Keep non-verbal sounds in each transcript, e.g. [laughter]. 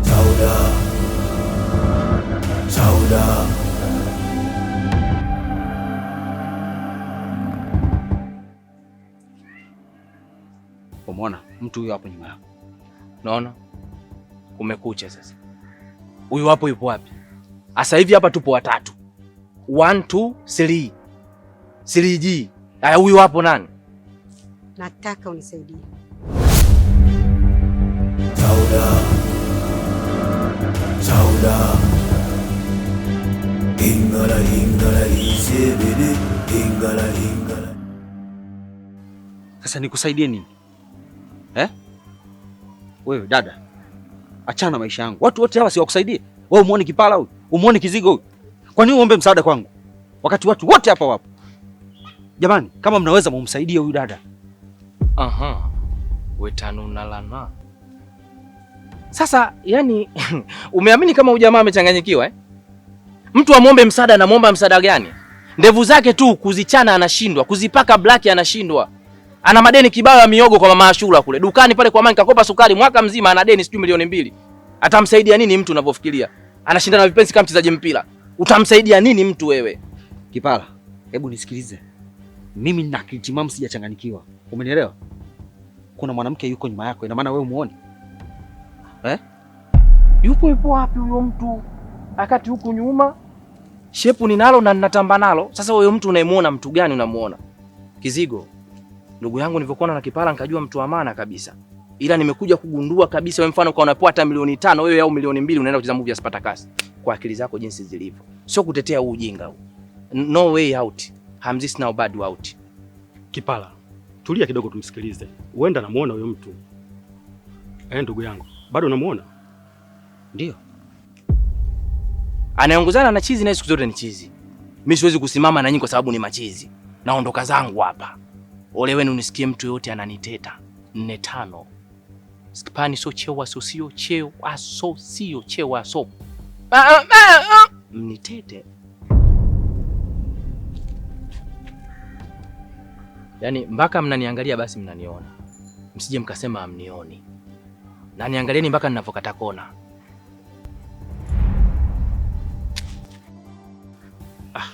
Sauda. Sauda. Umeona mtu huyo hapo nyuma yako? Naona umekucha sasa. Huyu hapo yupo wapi? Sasa hivi hapa tupo watatu. 1 2 3. 3G. Haya huyu hapo nani? Nataka unisaidie. da ingala ingala ize bebe ingala. Sasa nikusaidie nini eh? Wewe dada, achana maisha yangu. Watu wote hawa siwakusaidie wewe. Umuone kipala huyu, umuone kizigo huyu. Kwa nini uombe msaada kwangu wakati watu wote hapa wapo? Jamani, kama mnaweza mumsaidie huyu dada. Aha, wetanunalana sasa yani [laughs] umeamini kama ujamaa amechanganyikiwa eh? Mtu amwombe msaada, anamwomba msaada gani? Ndevu zake tu kuzichana anashindwa, kuzipaka black anashindwa, ana madeni kibao ya miogo kwa mama Ashura kule dukani pale kwa mama, kakopa sukari mwaka mzima, ana deni sijui milioni mbili. Atamsaidia nini mtu unavyofikiria? Anashindana na vipenzi kama mchezaji mpira, utamsaidia nini mtu wewe? Kipala, hebu nisikilize mimi, nina kitimamu, sijachanganyikiwa, umenielewa? Kuna mwanamke yuko nyuma yako, ina maana wewe umuone eh? Yupo yupo wapi huyo mtu? Akati huku nyuma shepu ninalo na ninatamba nalo. Sasa huyo mtu unayemuona mtu gani? Unamuona Kizigo, ndugu yangu, nilivyokuona na kipara nikajua mtu wa maana kabisa, ila nimekuja kugundua kabisa wewe, mfano ukaona hata milioni tano wewe au milioni mbili unaenda kucheza movie ya Spartacus kwa akili zako jinsi zilivyo. Sio kutetea huu ujinga huu, no way out hamzis now bad out. Kipala, tulia kidogo, tumsikilize, Uenda namuona huyo mtu. Eh, ndugu yangu bado unamuona? Ndio, anaongozana na chizi na siku zote ni chizi. Mimi siwezi kusimama na nyinyi kwa sababu ni machizi. Naondoka zangu hapa. Ole wenu nisikie mtu yote ananiteta. Nne tano skipani, so cheo aso sio cheo aso sio cheo aso ah, ah, ah, mnitete. Yaani mpaka mnaniangalia basi mnaniona, msije mkasema mnioni na niangalieni mpaka ninavyokata kona. Ah,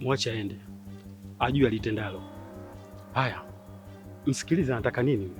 mwache aende ajue alitendalo. Haya, msikiliza, anataka nini?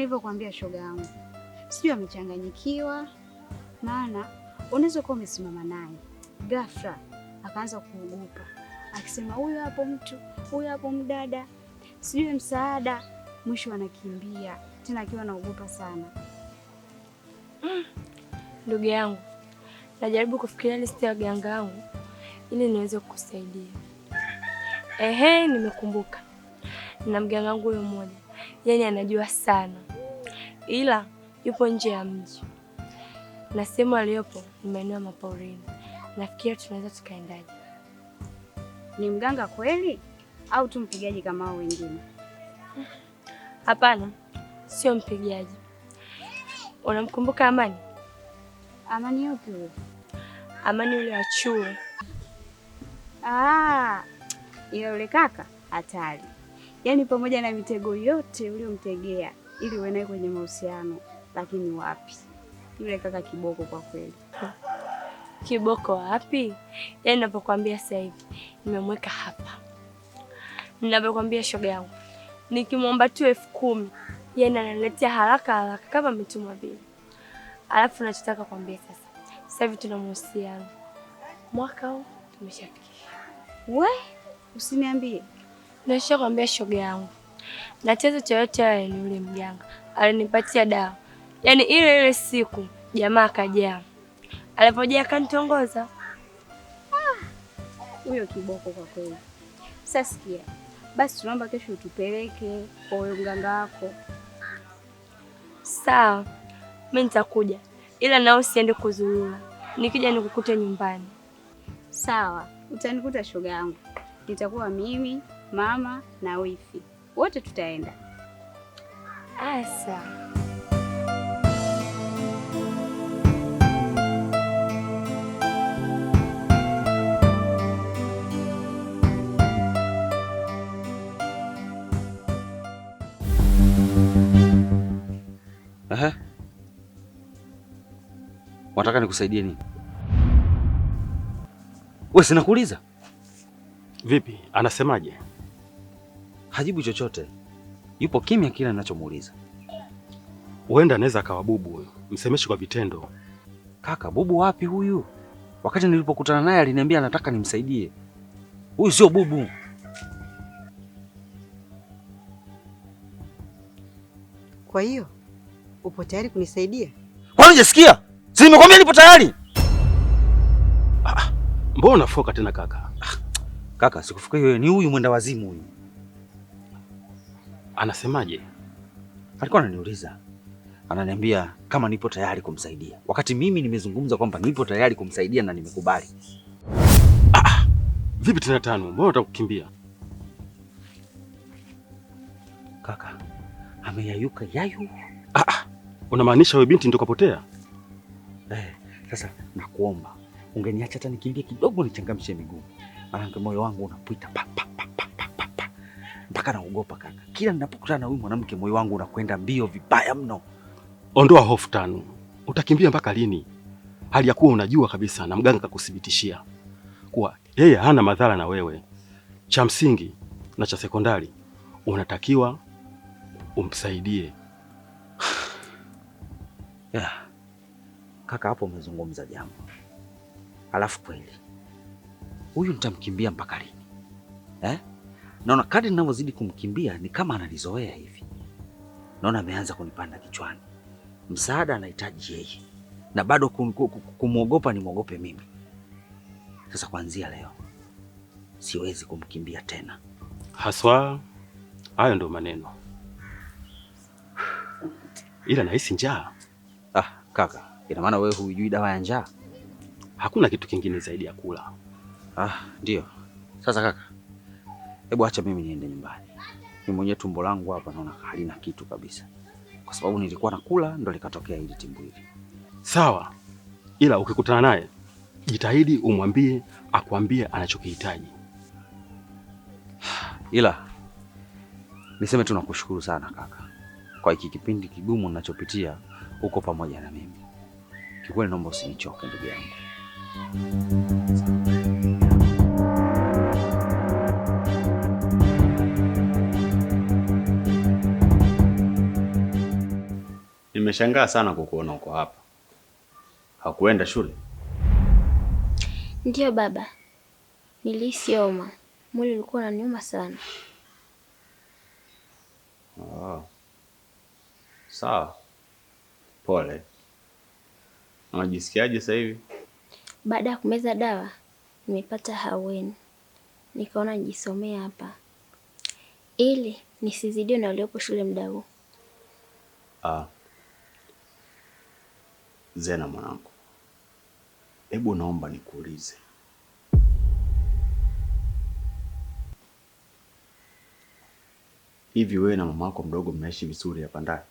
nilivyokuambia shoga yangu, sijui amechanganyikiwa, maana unaweza kuwa umesimama naye ghafla akaanza kuogopa, akisema huyu hapo mtu huyu hapo mdada, sijui msaada, mwisho anakimbia tena akiwa anaogopa sana. Mm. Ndugu mm, yangu najaribu kufikiria listi ya waganga wangu ili niweze kukusaidia. Ehe, nimekumbuka na mganga wangu huyo mmoja, yani anajua sana ila yupo nje ya mji na sehemu aliyopo ni maeneo ya maporini. Nafikiri tunaweza tukaendaje? Ni mganga kweli au tu mpigaji kama hao wengine? Hapana, sio mpigaji. Unamkumbuka Amani? Amani yupi huyo? Amani yule wa chuo. Ah, yule kaka hatari, yaani pamoja na mitego yote uliyomtegea ili uenee kwenye mahusiano, lakini wapi, yule kaka kiboko kwa kweli. Kiboko wapi? Yaani ninapokuambia sasa hivi nimemweka hapa, ninapokuambia shoga yangu, nikimwomba tu elfu kumi yaani ananiletea haraka haraka kama mtumwa vile. Alafu nachotaka kuambia sasa, sasa hivi tuna mahusiano, mwaka huu tumeshafikisha. We usiniambie, nashakwambia shoga yangu na chanzo chochote yale ni yule mganga alinipatia dawa, yaani ile ile siku jamaa akajaa, alipojaa akanitongoza ah, huyo kiboko kwa kweli. Sasa sikia basi, tunaomba kesho utupeleke kwa huyo mganga wako. Sawa, mimi nitakuja, ila na usiende kuzurura, nikija nikukute nyumbani. Sawa, utanikuta shoga yangu, nitakuwa mimi mama na wifi wote tutaenda. Asa Aha. Wataka nikusaidie nini? Wewe sinakuuliza. Vipi? Anasemaje? hajibu chochote, yupo kimya kila ninachomuuliza. Huenda anaweza akawa bubu huyo, msemeshi kwa vitendo. Kaka, bubu wapi huyu? Wakati nilipokutana naye aliniambia anataka nimsaidie. Huyu sio bubu. Kwa hiyo upo tayari kunisaidia? Kwani hujasikia? Si nimekwambia nipo tayari. Ah, ah mbona unafoka tena kaka? Ah, kaka sikufika hiyo, ni huyu mwenda wazimu huyu anasemaje? Alikuwa ananiuliza ananiambia kama nipo tayari kumsaidia, wakati mimi nimezungumza kwamba nipo tayari kumsaidia na nimekubali. Ah, ah. vipi tena tano? Mbona utakukimbia kaka? Ameyayuka yayu. Ah, ah. unamaanisha wewe binti ndio kapotea? Eh, sasa nakuomba ungeniacha hata nikimbie kidogo, nichangamshe miguu, maana moyo wangu unapita papa mpaka naogopa kaka. Kila ninapokutana na huyu mwanamke moyo wangu unakwenda mbio vibaya mno. Ondoa hofu tano. Utakimbia mpaka lini? Hali ya kuwa unajua kabisa na mganga kakuthibitishia kuwa yeye hana madhara na wewe. Cha msingi na cha sekondari unatakiwa umsaidie. [sighs] Yeah. Kaka, hapo umezungumza jambo. Alafu kweli huyu nitamkimbia mpaka lini eh? Naona kadri ninavyozidi kumkimbia ni kama ananizoea hivi. Naona ameanza kunipanda kichwani. Msaada anahitaji yeye, na bado kumwogopa nimwogope mimi. Sasa kuanzia leo siwezi kumkimbia tena. Haswa hayo ndio maneno, ila nahisi njaa. Ah, kaka, ina maana wewe hujui dawa ya njaa? Hakuna kitu kingine zaidi ya kula. Ah, ndio. Sasa kaka hebu acha mimi niende nyumbani. Mimi mwenyewe tumbo langu hapa naona halina kitu kabisa, kwa sababu nilikuwa nakula ndo likatokea hili timbu hili. Sawa, ila ukikutana naye jitahidi umwambie akwambie anachokihitaji. Ila niseme tu nakushukuru sana kaka kwa hiki kipindi kigumu ninachopitia, uko pamoja na mimi. Kikweli naomba usinichoke ndugu yangu. Nimeshangaa sana kukuona uko hapa. Hakuenda shule? Ndiyo baba, nilisioma mwili ulikuwa unaniuma sana. Oh, sawa, pole. Unajisikiaje sasa hivi? Baada ya kumeza dawa nimepata haweni, nikaona nijisomee hapa ili nisizidiwe na uliopo shule muda huu. Ah. Zena mwanangu, hebu naomba nikuulize, hivi wewe na mama yako mdogo mnaishi vizuri hapa ndani?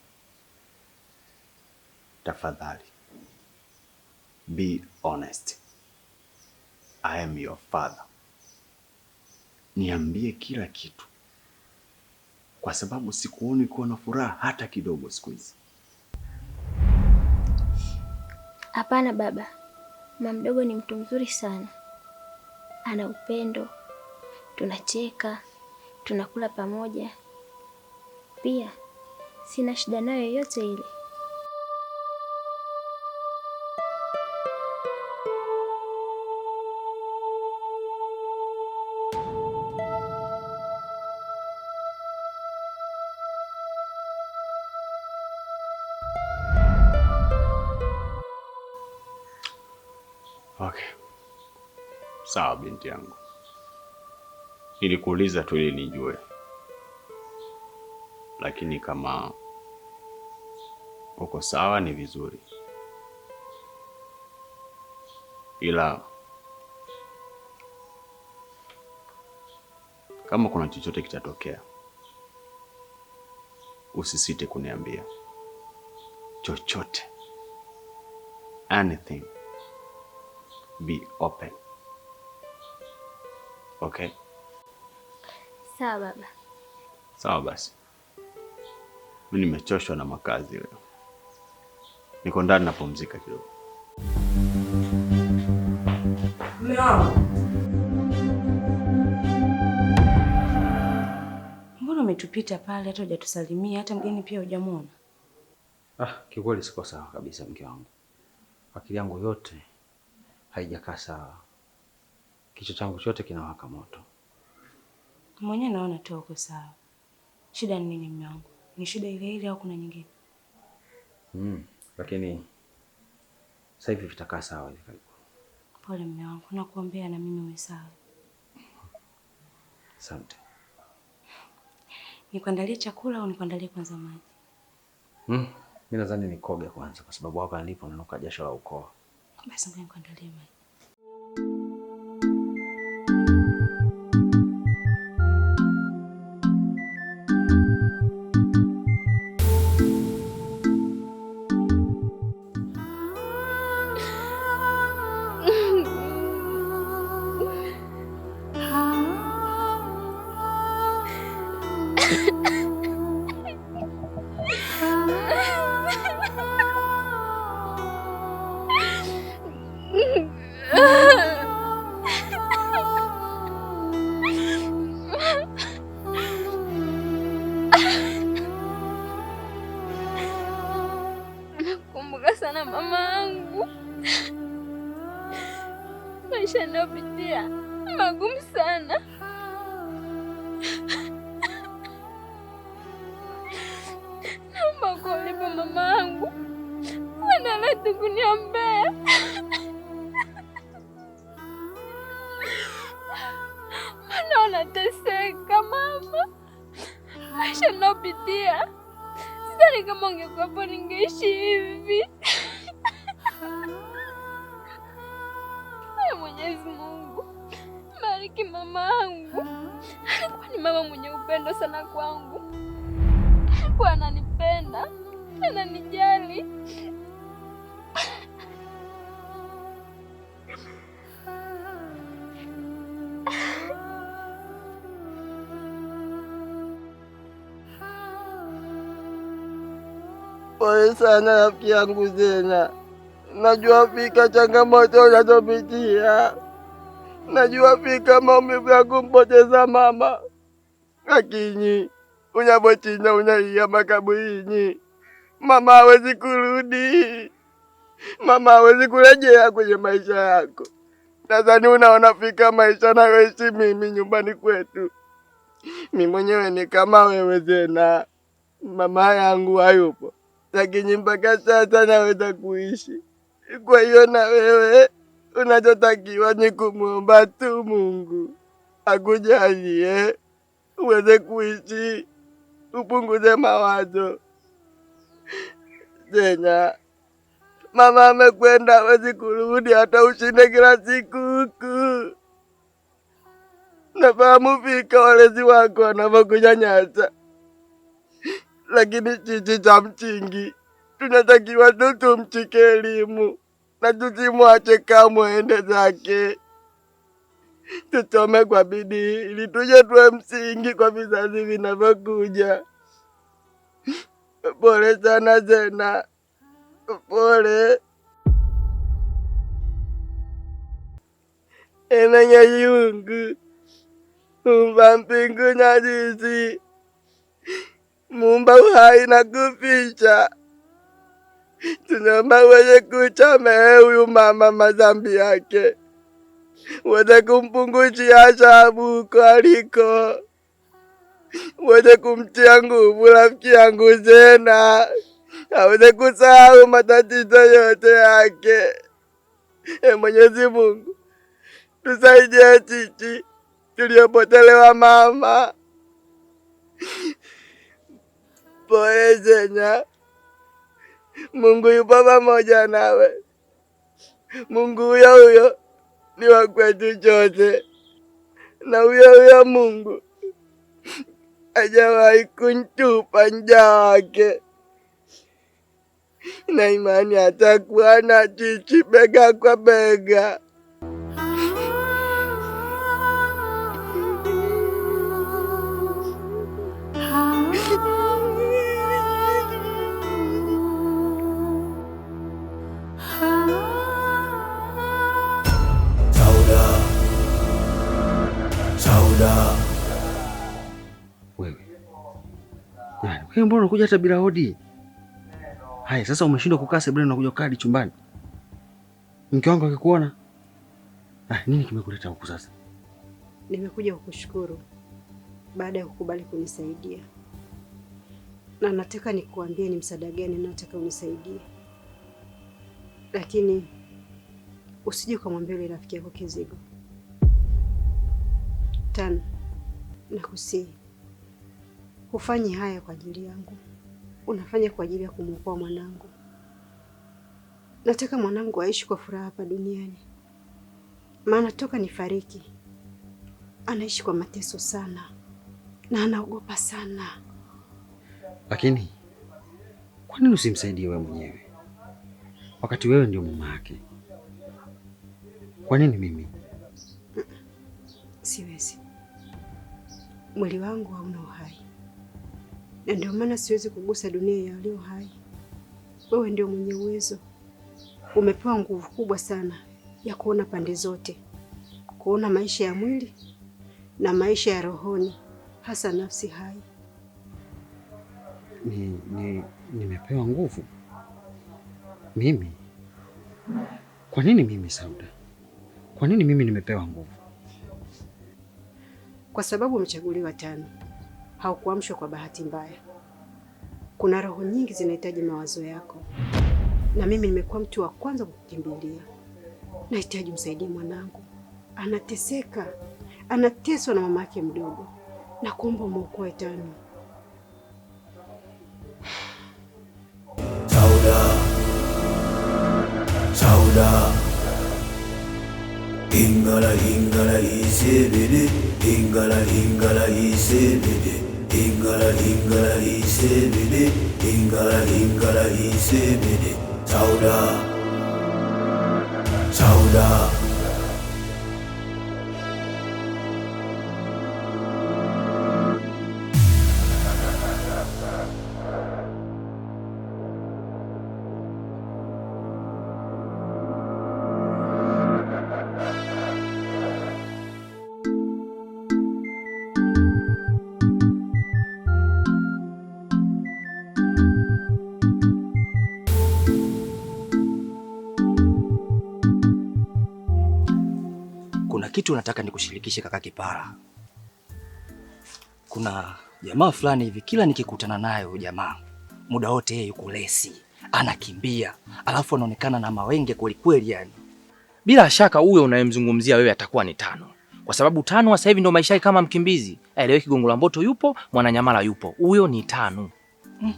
Tafadhali be honest, I am your father. Niambie kila kitu, kwa sababu sikuoni kuwa na furaha hata kidogo siku hizi. Hapana baba, mama mdogo ni mtu mzuri sana, ana upendo, tunacheka, tunakula pamoja, pia sina shida nayo yoyote ile. Okay. Sawa binti yangu, nilikuuliza tu ili nijue, lakini kama uko sawa ni vizuri, ila kama kuna chochote kitatokea, usisite kuniambia chochote, anything be open. Okay? Sawa baba. Sawa basi. Mimi nimechoshwa na makazi leo. Niko ndani napumzika kidogo. Leo. Mbona umetupita pale hata hujatusalimia hata mgeni pia hujamwona? Ah, kikweli siko sawa kabisa mke wangu. Akili yangu yote haijakaa sawa, kichwa changu chote kinawaka moto. Mwenyewe naona tu uko sawa. Shida ni nini mume wangu? Ni shida ile ile au kuna nyingine? Mm, lakini sasa hivi vitakaa sawa hivi karibu. Pole mume wangu, nakuombea na mimi uwe sawa. Asante. Nikuandalie chakula au nikuandalie kwanza maji? Mm, mimi nadhani nikoge kwanza kwa sababu hapa nilipo nanuka jasho la ukoo. Mas não ganho quanto ali, mãe. maisha yanayopitia magumu sana. Naomba kuwalipa mama yangu wanalati kuniombea mana mama, maisha yanayopitia sidhani kama ungekuwapo ningeishi hivi. ni mama mwenye upendo sana kwangu, kwa ananipenda, ananijali. Pole sana rafiki yangu Zena, najua fika changamoto unazopitia, najua fika maumivu ya kumpoteza mama makinyi unyabochinya unyaiya makabuinyi. Mama hawezi kurudi, mama hawezi kurejea kwenye maisha yako. Nadhani unaona fika maisha nayoishi mimi nyumbani kwetu, mi mwenyewe ni kama wewe tena. Mama yangu hayupo, lakini mpaka sasa naweza kuishi. Kwa hiyo na wewe unachotakiwa ni kumwomba tu Mungu akujalie uweze kuishi, upunguze mawazo. Jenya, mama amekwenda, wezi kurudi, hata ushinde kila siku huku. Nafahamu fika walezi wako wanavyokunyanyasa, lakini chichi cha mchingi tunatakiwa tu tumchike elimu na tusimwache kamwe ende zake tuchome kwa bidii ili tuje tuwe msingi kwa vizazi vinavyokuja. Pole sana Zena, pole enenye yungu umba mpingu zizi mumba uhai na kuficha tunyomba uweze kucha mee huyu mama mazambi yake mwenye kumpunguzia adhabu aliko mwenye kumtia nguvu rafiki yangu Zena aweze kusahau matatizo yote yake. E Mwenyezi Mungu, tusaidie sisi tuliopotelewa mama. Pole Zena, Mungu yupo pamoja nawe. Mungu huyo huyo ni wa kwetu chote, na huyo huyo Mungu hajawahi kuntupa njaa wake, na imani atakuwa na chichi bega kwa bega. Wewe mbona unakuja hata bila hodi? Haya sasa umeshindwa kukaa sebuleni unakuja kadi chumbani. Mke wangu akikuona. Ah, nini kimekuleta huku sasa? Nimekuja kukushukuru baada ya kukubali kunisaidia. Na nataka nikuambie ni msaada gani nataka unisaidie. Lakini usije ukamwambia yule rafiki yako Kizigo. Tano nakusihi hufanyi haya kwa ajili yangu, unafanya kwa ajili ya kumwokoa mwanangu. Nataka mwanangu aishi kwa furaha hapa duniani, maana toka nifariki anaishi kwa mateso sana na anaogopa sana. Lakini kwa nini usimsaidie wewe mwenyewe, wakati wewe ndio mama yake? Kwa nini mimi? Siwezi, mwili wangu hauna uhai na ndio maana siwezi kugusa dunia ya walio hai. Wewe ndio mwenye uwezo, umepewa nguvu kubwa sana ya kuona pande zote, kuona maisha ya mwili na maisha ya rohoni, hasa nafsi hai. Ni, ni, nimepewa nguvu mimi? Kwa nini mimi, Sauda? Kwa nini mimi nimepewa nguvu? Kwa sababu umechaguliwa tano haukuamshwa kwa bahati mbaya. Kuna roho nyingi zinahitaji mawazo yako, na mimi nimekuwa mtu wa kwanza kukukimbilia. Nahitaji msaidie mwanangu, anateseka, anateswa na mama yake mdogo, na kuomba mwokoe Tano. Sauda, Sauda ingala ingala isebele ingala ingala isebele Hingara hingara ise beni Hingara hingara ise beni Sauda Sauda kuna kitu nataka nikushirikishe kaka Kipara. Kuna jamaa fulani hivi kila nikikutana nayo jamaa, muda wote yeye yuko lesi, anakimbia alafu anaonekana na mawenge kweli kweli yani. Bila shaka huyo unayemzungumzia wewe atakuwa ni Tano, kwa sababu Tano sasa hivi ndo maisha yake kama mkimbizi. Aeleweki, Kigongo la Mboto yupo, Mwananyamala yupo, huyo ni Tano. Hmm.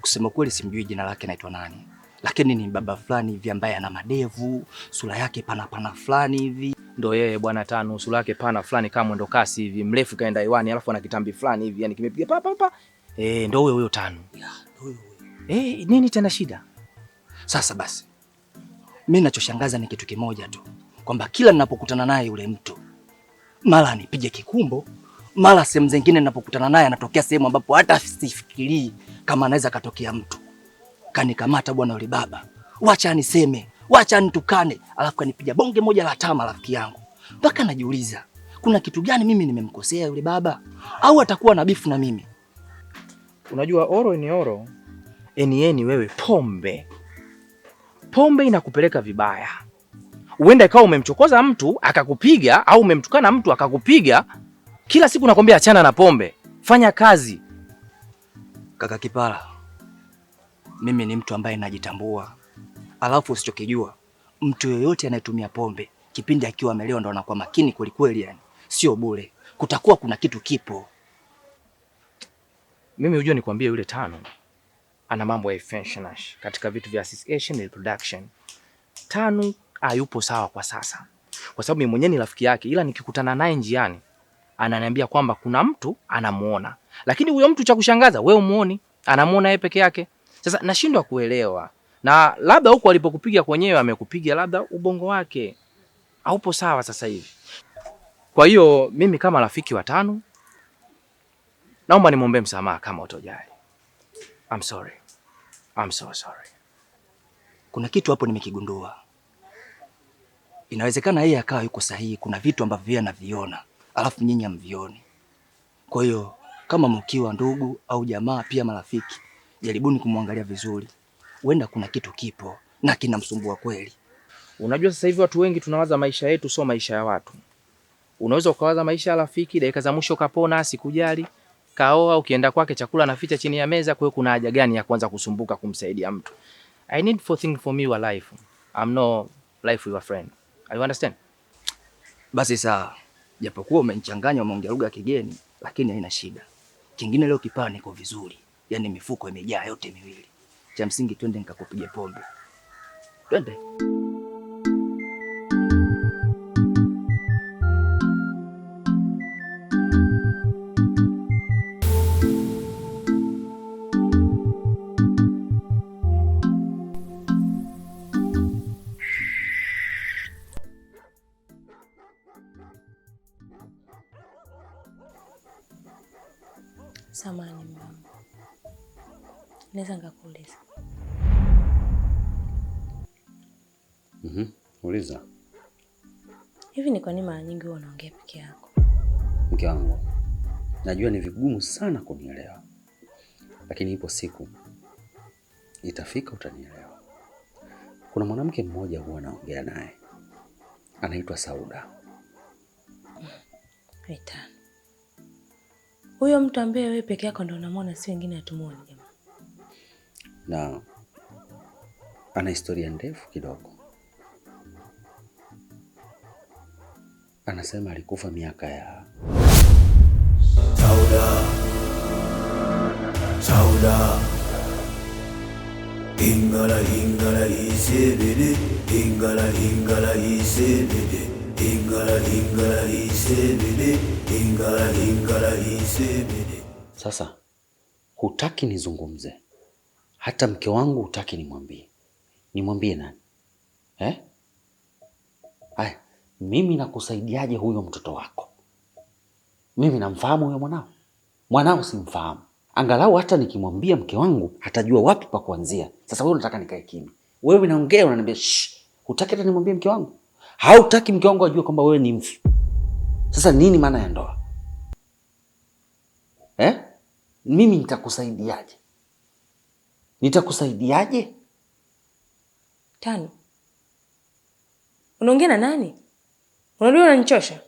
Kusema kweli simjui jina lake naitwa nani lakini ni baba fulani hivi ambaye ana madevu, sura yake pana pana fulani hivi, ndo yeye bwana tano, sura yake pana fulani kama mwendo kasi hivi, mrefu kaenda hewani, alafu ana kitambi fulani hivi, yani kimepiga pa pa pa. Eh, ndo huyo huyo tano. Yeah, huyo huyo. Eh, nini tena shida? Sasa basi mimi ninachoshangaza ni kitu kimoja tu kwamba kila ninapokutana naye yule mtu mara anipige kikumbo, mara sehemu zingine ninapokutana naye anatokea sehemu ambapo hata sifikirii kama anaweza katokea mtu kanikamata bwana yule baba, wacha aniseme, wacha anitukane, alafu kanipiga bonge moja la tama rafiki yangu, mpaka najiuliza kuna kitu gani mimi nimemkosea yule baba, au atakuwa na bifu na mimi? Unajua oro ni oro, eni eni, wewe pombe pombe inakupeleka vibaya. Uenda ikawa umemchokoza mtu akakupiga, au umemtukana mtu akakupiga. Kila siku nakwambia achana na pombe, fanya kazi, kaka Kipala mimi ni mtu ambaye najitambua, alafu usichokijua mtu yoyote anayetumia pombe kipindi akiwa amelewa ndo anakuwa makini kwelikweli, yani sio bure, kutakuwa kuna kitu kipo. Mimi hujua nikwambie, yule Tano ana mambo ya fenshnash katika vitu vya association and production. Tano hayupo sawa kwa sasa, kwa sababu mimi mwenyewe ni rafiki yake, ila nikikutana naye njiani ananiambia kwamba kuna mtu anamuona, lakini huyo mtu cha kushangaza, wewe umuoni, anamuona yeye peke yake. Sasa nashindwa kuelewa, na labda huko alipokupiga kwenyewe amekupiga labda ubongo wake haupo sawa sasa hivi. Kwa hiyo mimi kama rafiki wa Tanu naomba nimwombe msamaha kama utojali. I'm sorry. I'm so sorry. Kuna kitu hapo nimekigundua. Inawezekana yeye akawa yuko sahihi, kuna vitu ambavyo yeye anaviona alafu nyinyi hamvioni. Kwa hiyo kama mkiwa ndugu au jamaa pia marafiki jaribuni kumwangalia vizuri, huenda kuna kitu kipo na kinamsumbua kweli. Unajua, sasa hivi watu wengi tunawaza maisha yetu, sio maisha ya watu. Unaweza ukawaza maisha ya rafiki, dakika za mwisho kapona, sikujali kaoa, ukienda kwake chakula naficha chini ya meza. Kwa hiyo kuna haja gani ya kuanza kusumbuka kumsaidia mtu? I need for thing for me your life. I'm no life your friend. Are you understand? Basi sawa, japokuwa umenichanganya, umeongea lugha ya kigeni, lakini haina shida. Kingine leo kipaa niko vizuri yani mifuko imejaa yote miwili. Cha msingi twende nikakupige pombe, twende. kwani mara nyingi huwa unaongea peke yako? Mke wangu, najua ni vigumu sana kunielewa, lakini ipo siku itafika utanielewa. Kuna mwanamke mmoja huwa anaongea naye, anaitwa Sauda. Etani, huyo mtu ambaye wewe peke yako ndo unamwona, si wengine hatumwoni jamaa, na ana historia ndefu kidogo anasema alikufa miaka ya Sauda. Sauda ingala ingala isebede ingala ingala isebede ingala ingala isebede ingala ingala isebede. Sasa hutaki nizungumze, hata mke wangu hutaki nimwambie, nimwambie nani eh? mimi nakusaidiaje huyo mtoto wako? Mimi namfahamu huyo mwanao? Mwanao simfahamu. Angalau hata nikimwambia mke wangu atajua wapi pa kuanzia. Sasa wewe unataka nikae kimya? Wewe naongea unaniambia shh, hutaki hata nimwambie mke wangu? Hautaki mke wangu ajue kwamba wewe ni mfu. Sasa nini maana ya ndoa eh? Mimi nitakusaidiaje? Nitakusaidiaje? Tano, unaongea na nani? Unajua unanichosha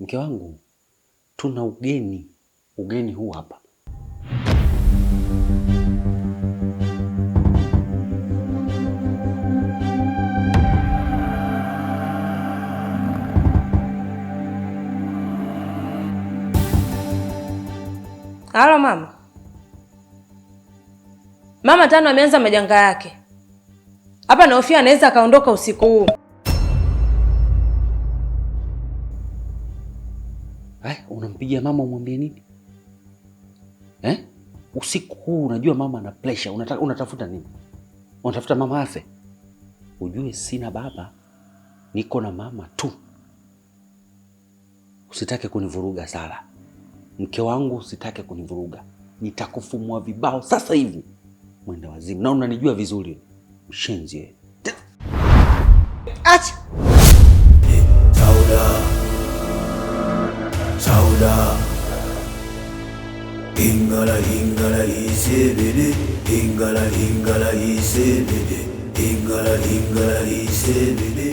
mke wangu, tuna ugeni. Ugeni huu hapa. Halo mama, mama tano ameanza majanga yake hapa, naofia anaweza akaondoka usiku huu. eh, unampigia mama umwambie nini eh? Usiku huu unajua mama ana pressure, unata, unatafuta nini? Unatafuta mama afe? Ujue sina baba, niko na mama tu. Usitake kunivuruga sala mke wangu, usitake kunivuruga, nitakufumua vibao sasa hivi, mwenda wazimu, na unanijua vizuri, mshenzi Acha da Hingala hingala ise biri Hingala hingala ise biri Hingala hingala ise biri